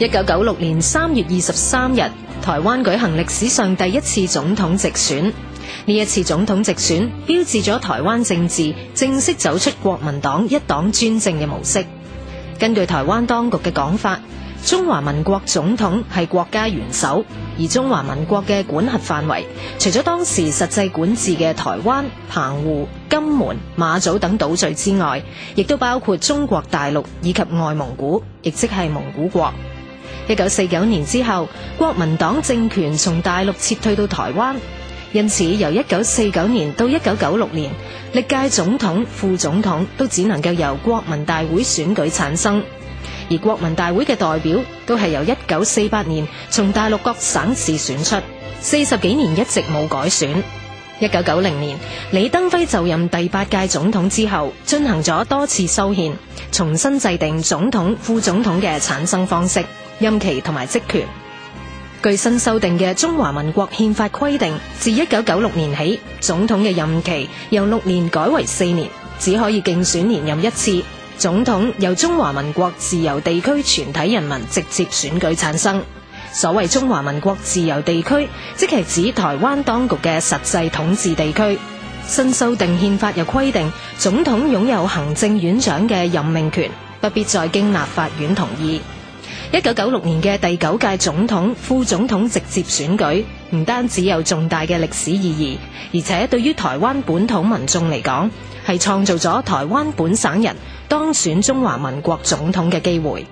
一九九六年三月二十三日，台灣舉行歷史上第一次總統直選。呢一次總統直選，標誌咗台灣政治正式走出國民黨一黨專政嘅模式。根據台灣當局嘅講法，中華民國總統係國家元首，而中華民國嘅管轄範圍除咗當時實際管治嘅台灣、澎湖、金門、馬祖等島嶼之外，亦都包括中國大陸以及外蒙古，亦即係蒙古國。一九四九年之後，國民黨政權從大陸撤退到台灣，因此由一九四九年到一九九六年，歷屆總統、副總統都只能夠由國民大會選舉產生，而國民大會嘅代表都係由一九四八年從大陸各省市選出，四十幾年一直冇改選。一九九零年，李登輝就任第八屆總統之後，進行咗多次修憲，重新制定總統、副總統嘅產生方式。任期同埋職權，據新修訂嘅《中華民國憲法》規定，自一九九六年起，總統嘅任期由六年改為四年，只可以競選連任一次。總統由中華民國自由地區全體人民直接選舉產生。所謂中華民國自由地區，即係指台灣當局嘅實際統治地區。新修訂憲法又規定，總統擁有行政院長嘅任命權，不必再經立法院同意。一九九六年嘅第九屆總統、副總統直接選舉，唔單止有重大嘅歷史意義，而且對於台灣本土民眾嚟講，係創造咗台灣本省人當選中華民國總統嘅機會。